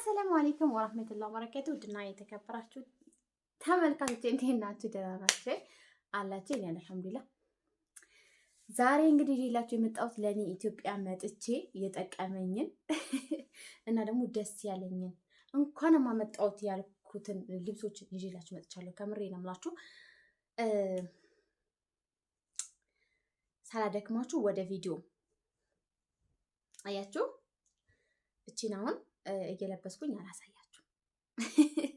አሰላሙ አሌይኩም ወራህመቱላሂ ወበረካቱ ውድና የተከበራችሁ ተመልካቾች እንዴት ናችሁ? ደህና ናችሁ አላችሁ? እኔ አልሐምዱሊላህ። ዛሬ እንግዲህ ሌላችሁ የመጣሁት ለእኔ ኢትዮጵያ መጥቼ የጠቀመኝን እና ደግሞ ደስ ያለኝን እንኳን ማመጣሁት ያልኩትን ልብሶች ይዤላችሁ መጥቻለሁ። ከምሬ ነው የምላችሁ። ሳላደክማችሁ ወደ ቪዲዮ አያችሁ። እቺን አሁን እየለበስኩኝ አላሳያችሁ።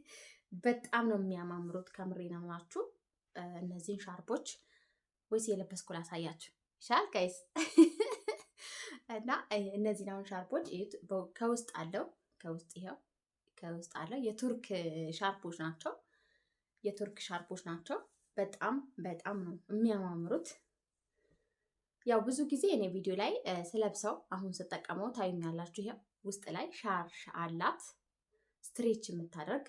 በጣም ነው የሚያማምሩት። ከምሬ ነው ናችሁ። እነዚህን ሻርፖች ወይስ እየለበስኩ ላሳያችሁ ይሻል ጋይስ? እና እነዚህን አሁን ሻርፖች ከውስጥ አለው ከውስጥ ይኸው ከውስጥ አለው። የቱርክ ሻርፖች ናቸው። የቱርክ ሻርፖች ናቸው። በጣም በጣም ነው የሚያማምሩት። ያው ብዙ ጊዜ እኔ ቪዲዮ ላይ ስለብሰው አሁን ስጠቀመው ታዩኛላችሁ። ይሄው ውስጥ ላይ ሻርሽ አላት ስትሬች የምታደርግ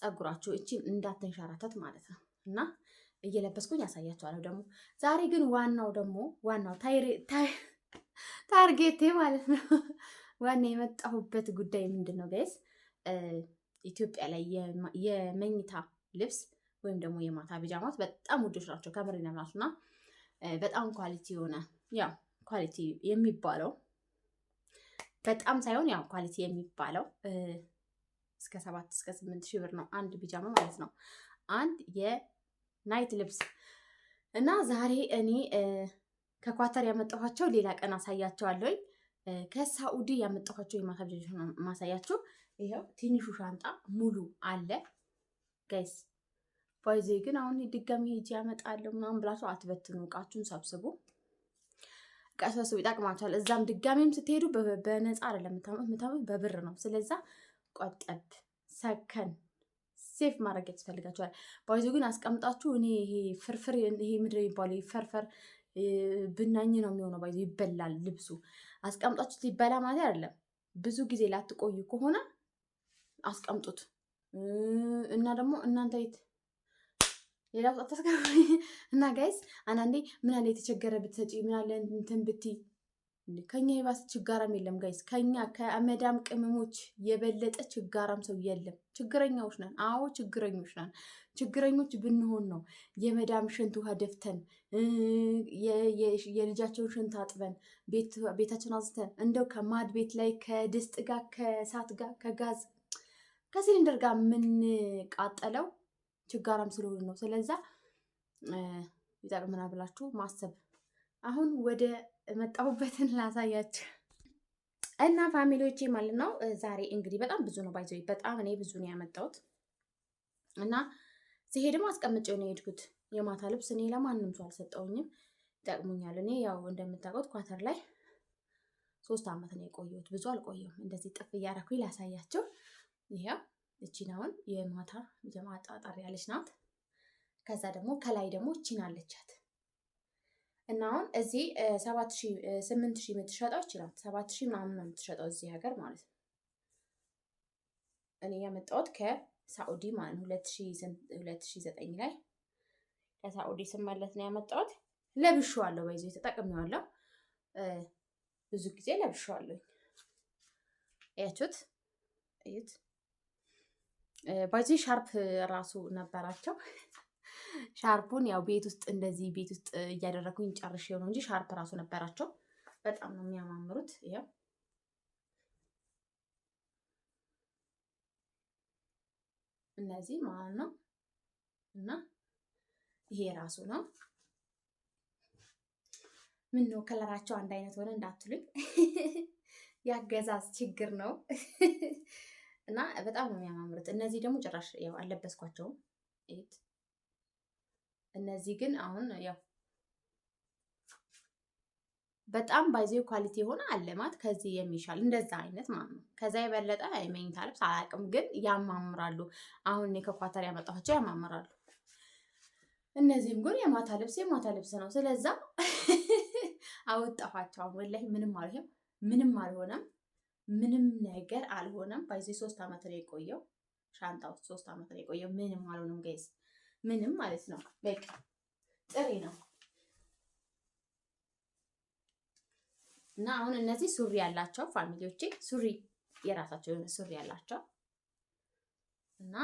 ፀጉራችሁ እቺን እንዳትንሸራተት ማለት ነው እና እየለበስኩኝ ያሳያችኋለሁ። ደግሞ ዛሬ ግን ዋናው ደግሞ ዋናው ታርጌቴ ማለት ነው ዋና የመጣሁበት ጉዳይ ምንድን ነው ጋይስ? ኢትዮጵያ ላይ የመኝታ ልብስ ወይም ደግሞ የማታ ቢጃማት በጣም ውዶች ናቸው። ከምር ነው እና በጣም ኳሊቲ የሆነ ያው ኳሊቲ የሚባለው በጣም ሳይሆን ያው ኳሊቲ የሚባለው እስከ ሰባት እስከ ስምንት ሺህ ብር ነው አንድ ቢጃማ ማለት ነው። አንድ የናይት ልብስ እና ዛሬ እኔ ከኳተር ያመጣኋቸው ሌላ ቀን አሳያቸዋለሁኝ። ከሳኡዲ ያመጣኋቸው የማሳጅ ማሳያችሁ ይኸው ትንሹ ሻንጣ ሙሉ አለ ጋይስ። ባይዜ ግን አሁን ድጋሚ ሄጅ ያመጣለሁ ምናምን ብላችሁ አትበትኑ፣ እቃችሁን ሰብስቡ። ቀሰሱ ይጠቅማቸዋል። እዛም ድጋሚም ስትሄዱ በነፃ አይደለም የምታመጡት በብር ነው። ስለዛ ቆጠብ ሰከን ሴፍ ማድረግ ያስፈልጋቸዋል። ባይዞ ግን አስቀምጣችሁ እኔ ይሄ ፍርፍር ይሄ ምድር የሚባለው ፈርፈር ብናኝ ነው የሚሆነው። ባይዞ ይበላል ልብሱ አስቀምጣችሁ ሊበላ ማለት አይደለም። ብዙ ጊዜ ላትቆዩ ከሆነ አስቀምጡት እና ደግሞ እናንተ ሌላ ቁጣ ተስከፋይ እና ጋይስ አንዳንዴ ምን አለ የተቸገረ ብትሰጪ ምን አለ እንትን ብትይ ከኛ የባሰ ችጋራም የለም ጋይስ። ከኛ ከመዳም ቅመሞች የበለጠ ችጋራም ሰው የለም። ችግረኛዎች ነን። አዎ ችግረኞች ነን። ችግረኞች ብንሆን ነው የመዳም ሽንት ውሃ ደፍተን የልጃቸውን ሽንት አጥበን ቤታችን አዝተን እንደው ከማድ ቤት ላይ ከድስጥ ጋር ከእሳት ጋር ከጋዝ ከሲሊንደር ጋር የምንቃጠለው ችጋራም ስለሆኑ ነው። ስለዛ ይጠቅምና ብላችሁ ማሰብ። አሁን ወደ መጣሁበትን ላሳያችሁ እና ፋሚሊዎቼ ማለት ነው። ዛሬ እንግዲህ በጣም ብዙ ነው ባይዘ በጣም እኔ ብዙ ነው ያመጣሁት እና ሲሄድም አስቀምጬው ነው የሄድኩት። የማታ ልብስ እኔ ለማንም ሰው አልሰጠውኝም፣ ይጠቅሙኛል። እኔ ያው እንደምታውቁት ኳተር ላይ ሶስት አመት ነው የቆየሁት። ብዙ አልቆየሁም። እንደዚህ ጥፍ እያረኩኝ ላሳያቸው ይኸው እቺን አሁን የማታ የማጣጣር ያለች ናት። ከዛ ደግሞ ከላይ ደግሞ እቺን አለቻት እና አሁን እዚህ ሰባት ሺህ ስምንት ሺህ የምትሸጠው እቺ ናት። ሰባት ሺህ ምናምን ነው የምትሸጠው እዚህ ሀገር ማለት ነው። እኔ ያመጣሁት ከሳዑዲ ማለት ሁለት ሺህ ዘጠኝ ላይ ከሳዑዲ ስመለስ ነው ያመጣሁት። ለብሼዋለሁ በይዞ ተጠቅሜዋለሁ። ብዙ ጊዜ ለብሼዋለሁ። ያችሁት እዩት በዚህ ሻርፕ ራሱ ነበራቸው። ሻርፑን ያው ቤት ውስጥ እንደዚህ ቤት ውስጥ እያደረግኩኝ ጨርሽ የሆነው እንጂ ሻርፕ ራሱ ነበራቸው። በጣም ነው የሚያማምሩት። ይኸው እነዚህ ማለት ነው እና ይሄ ራሱ ነው። ምን ነው ከለራቸው አንድ አይነት ሆነ እንዳትሉኝ፣ ያገዛዝ ችግር ነው። እና በጣም ነው የሚያማምሩት። እነዚህ ደግሞ ጭራሽ ያው አለበስኳቸውም። እነዚህ ግን አሁን ያው በጣም ባይዘው ኳሊቲ የሆነ አለማት ከዚህ የሚሻል እንደዛ አይነት ማለት ነው። ከዛ የበለጠ የመኝታ ልብስ አላውቅም፣ ግን ያማምራሉ። አሁን እኔ ከኳተር ያመጣኋቸው ያማምራሉ። እነዚህም ግን የማታ ልብስ የማታ ልብስ ነው። ስለዛ አወጣኋቸው። ወላሂ ምንም አልሆነም፣ ምንም አልሆነም። ምንም ነገር አልሆነም። ባይዜ ሶስት ዓመት ነው የቆየው ሻንጣ ውስጥ ሶስት ዓመት ነው የቆየው። ምንም አልሆነም ጋይስ፣ ምንም ማለት ነው በቃ ጥሪ ነው። እና አሁን እነዚህ ሱሪ ያላቸው ፋሚሊዎቼ ሱሪ የራሳቸው የሆነ ሱሪ ያላቸው እና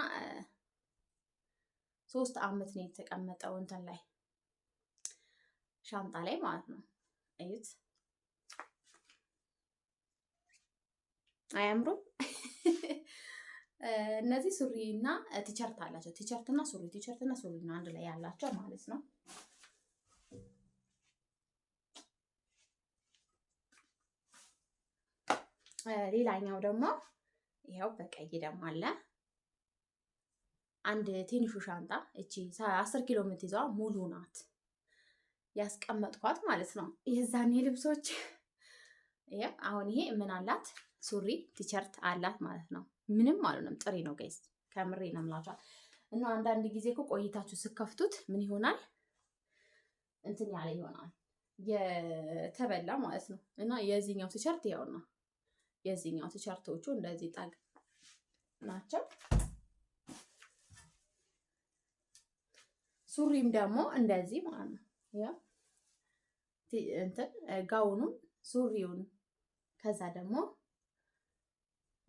ሶስት ዓመት ነው የተቀመጠው እንትን ላይ ሻንጣ ላይ ማለት ነው እዩት። አያምሩም? እነዚህ ሱሪ እና ቲሸርት አላቸው። ቲሸርት እና ሱሪ፣ ቲሸርት እና ሱሪ እና አንድ ላይ ያላቸው ማለት ነው። ሌላኛው ደግሞ ይኸው በቀይ ደግሞ አለ። አንድ ትንሹ ሻንጣ እቺ አስር ኪሎ የምትይዘዋ ሙሉ ናት ያስቀመጥኳት ማለት ነው። የዛኔ ልብሶች አሁን ይሄ ምን አላት ሱሪ ቲሸርት አላት ማለት ነው። ምንም አልሆነም፣ ጥሬ ነው ጋይስ፣ ከምሬ ነው የምላችኋል። እና አንዳንድ ጊዜ እኮ ቆይታችሁ ስከፍቱት ምን ይሆናል እንትን ያለ ይሆናል የተበላ ማለት ነው። እና የዚህኛው ቲሸርት ያው ነው። የዚህኛው ቲሸርቶቹ እንደዚህ ጠግ ናቸው። ሱሪም ደግሞ እንደዚህ ማለት ነው። ያው እንትን ጋውኑን ሱሪውን ከዛ ደግሞ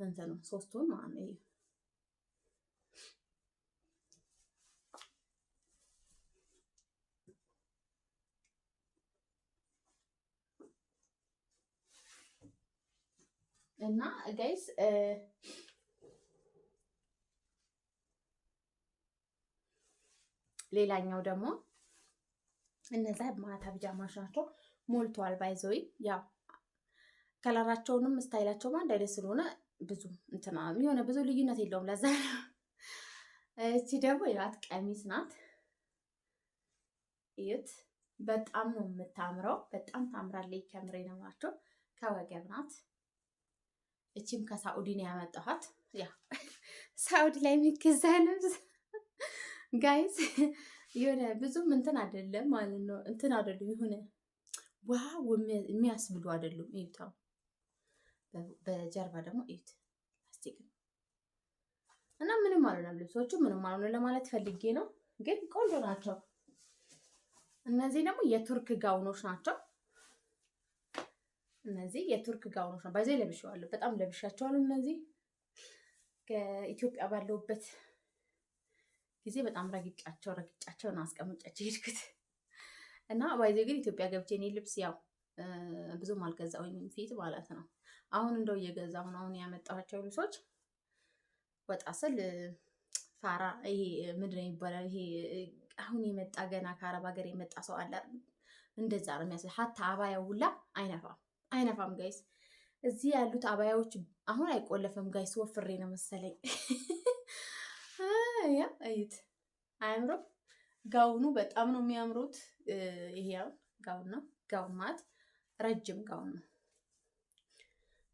ነው ሶስቱን ማለት ነው። እና ጋይስ ሌላኛው ደግሞ እነዛ ማታ ብጃማሽ ናቸው። ሞልቷል ባይዘዊ ያው ከለራቸውንም ስታይላቸውም አንድ አይነት ስለሆነ ብዙ እንትና የሆነ ብዙ ልዩነት የለውም። ለዛ እቺ ደግሞ ይራት ቀሚስ ናት። እዩት፣ በጣም ነው የምታምረው። በጣም ታምራለች። ከምሬ ነው የምላቸው። ከወገብ ናት። እቺም ከሳኡዲ ነው ያመጣኋት። ያ ሳኡዲ ላይ የሚገዛ ልብስ ጋይዝ፣ የሆነ ብዙም እንትን አይደለም ማለት ነው። እንትን አይደሉም የሆነ ዋው የሚያስብሉ አይደሉም። ይታው በጀርባ ደግሞ ኢት ላስቲክ ነው እና ምንም አልሆነም። ልብሶቹ ምንም አልሆነ ለማለት ፈልጌ ነው፣ ግን ቆንጆ ናቸው። እነዚህ ደግሞ የቱርክ ጋውኖች ናቸው። እነዚህ የቱርክ ጋውኖች ነው። በዚህ ለብሼዋለሁ፣ በጣም ለብሻቸዋለሁ። እነዚህ ከኢትዮጵያ ባለውበት ጊዜ በጣም ረግጫቸው ረግጫቸው ነው አስቀምጫቸው ሄድኩት እና ባይዘ ግን ኢትዮጵያ ገብቼ እኔ ልብስ ያው ብዙም አልገዛውኝም ፊት ማለት ነው አሁን እንደው እየገዛሁ ነው። አሁን ያመጣኋቸው ልብሶች ወጣ ስል ፋራ ይሄ ምድር ይባላል? ይሄ አሁን የመጣ ገና ከአረብ ሀገር የመጣ ሰው አለ። እንደዛ ነው የሚያስል ሀታ አባያ ሁላ አይነፋም፣ አይነፋም ጋይስ። እዚህ ያሉት አባያዎች አሁን አይቆለፈም ጋይስ። ወፍሬ ነው መሰለኝ። ያ እዩት፣ አያምሩም? ጋውኑ በጣም ነው የሚያምሩት። ይሄ ጋውን ነው። ጋውን ማለት ረጅም ጋውን ነው።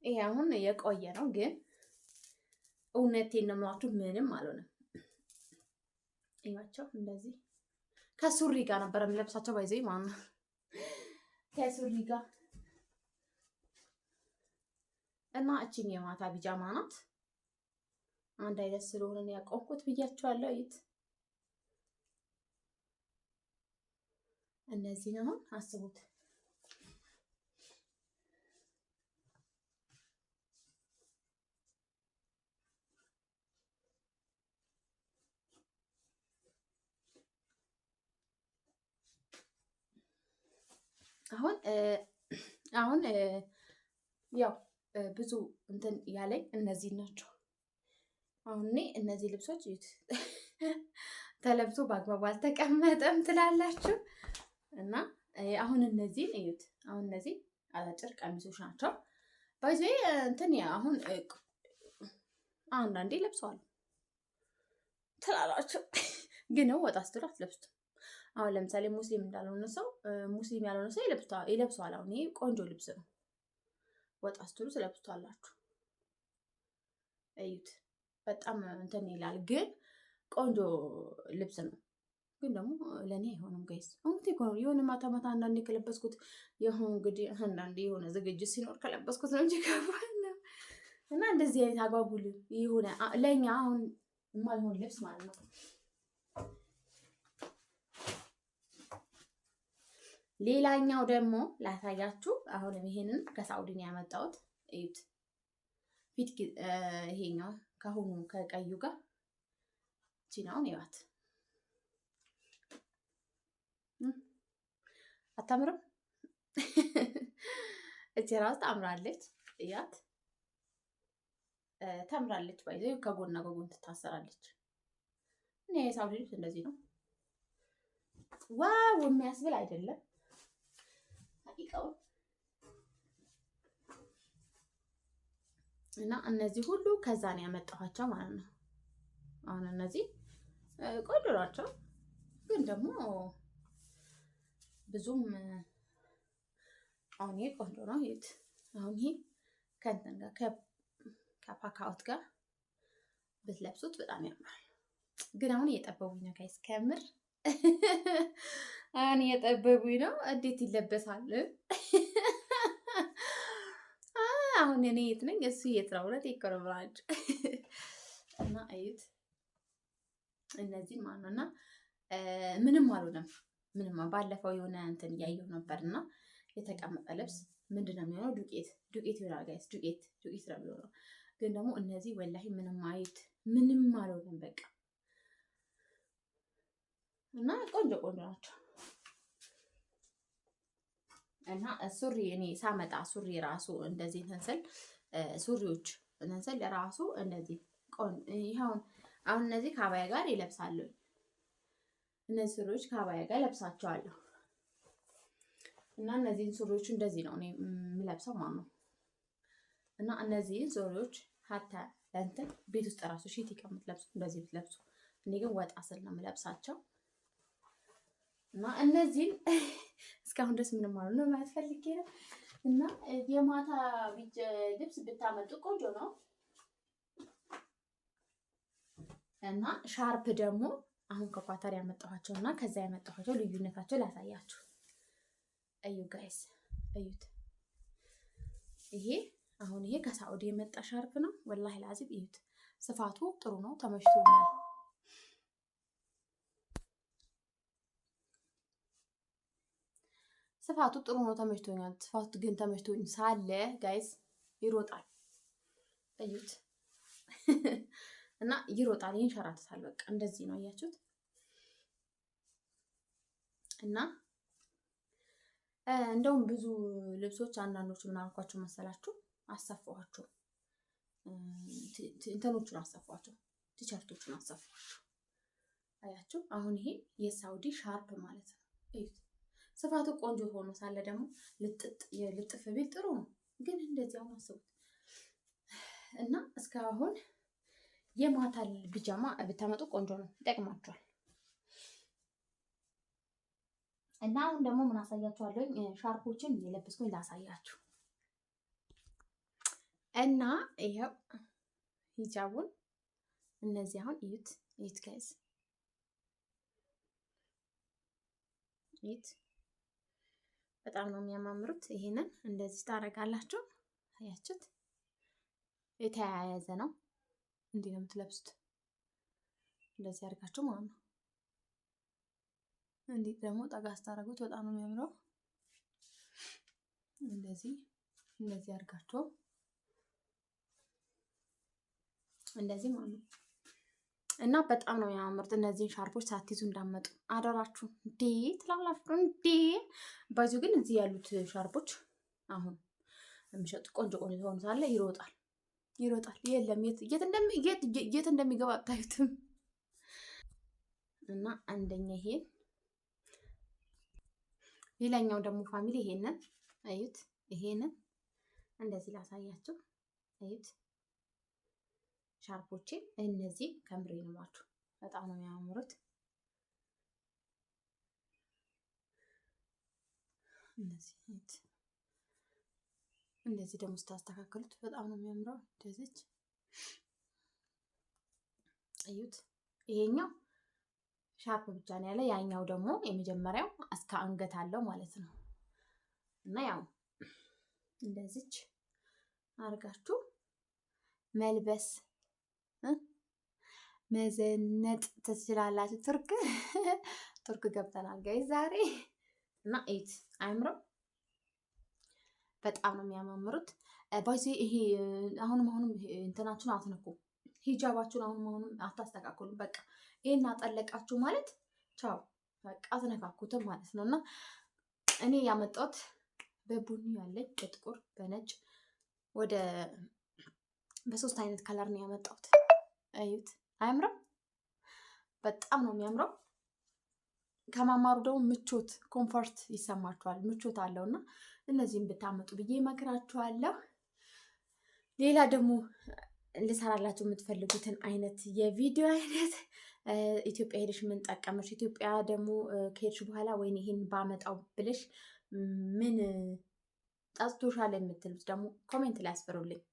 ይሄ አሁን የቆየ ነው፣ ግን እውነቴን ነው የምላችሁ ምንም አልሆነም። እያቸው እንደዚህ ከሱሪ ጋር ነበረ የምለብሳቸው ባይዘይ ማለት ነው። ከሱሪ ጋር እና እችን የማታ ቢጃማ ናት። አንድ አይነት ስለሆነ ያቆምኩት ብያቸዋለሁ። እዩት። እነዚህን አሁን አስቡት አሁን አሁን ያው ብዙ እንትን ያለኝ እነዚህ ናቸው። አሁን እኔ እነዚህ ልብሶች ተለብሶ በአግባቡ አልተቀመጠም ትላላችሁ እና አሁን እነዚህን እዩት። አሁን እነዚህ አጭር ቀሚሶች ናቸው። ባይዘ እንትን አሁን አንዳንዴ ለብሰዋል ትላላችሁ፣ ግን ወጣ ስትሉ አትለብሱትም። አሁን ለምሳሌ ሙስሊም እንዳልሆነ ሰው ሙስሊም ያልሆነ ሰው ይለብሰዋል። አሁን ይሄ ቆንጆ ልብስ ነው። ወጣ ስትሉ ስለብሷላችሁ እዩት፣ በጣም እንትን ይላል፣ ግን ቆንጆ ልብስ ነው። ግን ደግሞ ለእኔ አይሆንም ጋይስ። እንግዲህ የሆነ ማታ ማታ አንዳንዴ ከለበስኩት የሆነ እንግዲህ አንዳንዴ የሆነ ዝግጅት ሲኖር ከለበስኩት ነው እንጂ ከባለ እና እንደዚህ አይነት አጓጉል የሆነ ለእኛ አሁን የማይሆን ልብስ ማለት ነው። ሌላኛው ደግሞ ላሳያችሁ። አሁን ይሄንን ከሳውዲን ያመጣሁት እዩት። ፊት ይሄኛው ከአሁኑ ከቀዩ ጋር ቺናውን ይዋት አታምርም? እቺ ራስ ታምራለች። እያት ታምራለች። ባይዘ ከጎና ከጎን ትታሰራለች። እኔ የሳውዲ ልብስ እንደዚህ ነው። ዋው የሚያስብል አይደለም ደቂቃው እና እነዚህ ሁሉ ከዛ ነው ያመጣኋቸው ማለት ነው። አሁን እነዚህ ቆንጆ ግን ደግሞ ብዙም አሁን ይሄ ቆንጆ ነው። ይሄት አሁን ይሄ ከእንትን ጋር ከፓካውት ጋር ብትለብሱት በጣም ያምራል። ግን አሁን እየጠበቡኝ ነው ጋይስ ከምር አን የጠበቡኝ ነው። እንዴት ይለበሳል? አሁን እኔ የት ነኝ? እሱ የት ነው? ሁለት ይኮረብራጭ እና እዩት፣ እነዚህ ማን ነው እና ምንም አልሆነም። ምንም ባለፈው የሆነ እንትን እያየሁ ነበር እና የተቀመጠ ልብስ ምንድን ነው የሚሆነው? ዱቄት ዱቄት ይሆናል ጋይስ፣ ዱቄት ዱቄት ነው የሚሆነው። ግን ደግሞ እነዚህ ወላሂ ምንም አዩት፣ ምንም አልሆነም በቃ እና ቆንጆ ቆንጆ ናቸው። እና ሱሪ እኔ ሳመጣ ሱሪ ራሱ እንደዚህ እንትን ስል ሱሪዎች እንትን ስል ራሱ እንደዚህ ይኸውን አሁን እነዚህ ከአባያ ጋር ይለብሳሉ። እነዚህ ሱሪዎች ከአባያ ጋር ለብሳቸዋለሁ። እና እነዚህን ሱሪዎች እንደዚህ ነው እኔ የምለብሰው ማለት ነው። እና እነዚህን ሱሪዎች ሀታ ለእንትን ቤት ውስጥ ራሱ ሺት ይቀምጥ ለብሱ እንደዚህ ብትለብሱ። እኔ ግን ወጣ ስል ነው የምለብሳቸው። እና እነዚህም እስካሁን ደስ ምንም አሉ ነው ማለት ፈልጌ ነው። እና የማታ ልብስ ብታመጡ ቆንጆ ነው። እና ሻርፕ ደግሞ አሁን ከኳታር ያመጣኋቸው እና ከዛ ያመጣኋቸው ልዩነታቸው ላሳያችሁ። እዩ ጋይስ እዩት። ይሄ አሁን ይሄ ከሳዑዲ የመጣ ሻርፕ ነው። ወላሂ ላዚብ እዩት። ስፋቱ ጥሩ ነው። ተመችቶ ስፋቱ ጥሩ ነው፣ ተመችቶኛል። ስፋቱ ግን ተመችቶኝ ሳለ ጋይስ ይሮጣል፣ እዩት እና ይሮጣል፣ ይንሸራተታል። በቃ እንደዚህ ነው እያችሁት እና እንደውም ብዙ ልብሶች አንዳንዶቹ ምን አልኳቸው መሰላችሁ? አሰፋኋቸው፣ እንትኖቹን አሰፋኋቸው፣ ቲሸርቶቹን አሰፋኋቸው። አያችሁ፣ አሁን ይሄ የሳውዲ ሻርፕ ማለት ነው። እዩት ስፋቱ ቆንጆ ሆኖ ሳለ ደግሞ ልጥጥ የልጥፍ ቢል ጥሩ ነው፣ ግን እንደዚህ አሁን አስቡት እና እስካሁን የማታ ብጃማ ብታመጡ ቆንጆ ነው፣ ይጠቅማቸዋል። እና አሁን ደግሞ ምን አሳያችኋለሁኝ ሻርፖችን እየለበስኩኝ ላሳያችሁ እና ይኸው ሂጃቡን እነዚህ አሁን እዩት እዩት ጋይዝ እዩት በጣም ነው የሚያማምሩት። ይህንን እንደዚህ ታደርጋላችሁ። አያችሁት? የተያያዘ ነው። እንዲህ ነው የምትለብሱት። እንደዚህ አድርጋችሁ ማለት ነው። እንዲህ ደግሞ ጠጋ ስታደርጉት በጣም ነው የሚያምረው። እንደዚህ እንደዚህ አድርጋችሁ እንደዚህ ማለት ነው። እና በጣም ነው የሚያምሩት። እነዚህን ሻርፖች ሳትይዙ እንዳመጡ አደራችሁ። እንዴ ትላላችሁ እንዴ! ባይዙ ግን እዚህ ያሉት ሻርፖች አሁን የሚሸጡ ቆንጆ ቆንጆ ሆኑ ሳለ ይሮጣል ይሮጣል። የለም የት እንደሚገባ አታዩትም። እና አንደኛ ይሄ ሌላኛው ደግሞ ፋሚሊ ይሄንን እዩት። ይሄንን እንደዚህ ላሳያችሁ እዩት። ሻርፖቼ እነዚህ ከምሬ ንማችሁ በጣም ነው የሚያምሩት። እንደዚህ ደግሞ ስታስተካከሉት በጣም ነው የሚያምረው። እንደዚች እዩት። ይሄኛው ሻርፕ ብቻ ነው ያለ፣ ያኛው ደግሞ የመጀመሪያው እስከ አንገት አለው ማለት ነው። እና ያው እንደዚች አድርጋችሁ መልበስ መዘነጥ ትችላላችሁ። ቱርክ ቱርክ ገብተናል ጋይ ዛሬ እና ኤት አይምረው በጣም ነው የሚያማምሩት። ባይዚ ይሄ አሁንም አሁንም እንትናችሁን አትነኩ፣ ሂጃባችሁን አሁንም አሁንም አታስተካክሉ በቃ ይሄን አጠለቃችሁ ማለት ቻው፣ በቃ አትነካኩትም ማለት ነው። እና እኔ ያመጣሁት በቡኒ ያለኝ በጥቁር በነጭ ወደ በሶስት አይነት ከለር ነው ያመጣሁት። እዩት። አያምርም? በጣም ነው የሚያምረው። ከማማሩ ደግሞ ምቾት ኮምፎርት ይሰማችኋል፣ ምቾት አለው እና እነዚህም ብታመጡ ብዬ እመክራችኋለሁ። ሌላ ደግሞ ልሰራላችሁ የምትፈልጉትን አይነት የቪዲዮ አይነት ኢትዮጵያ ሄደሽ ምን ጠቀመሽ፣ ኢትዮጵያ ደግሞ ከሄድሽ በኋላ ወይ ይሄን ባመጣው ብለሽ ምን ጠጥቶሻል የምትሉት ደግሞ ኮሜንት ላይ አስፍሩልኝ።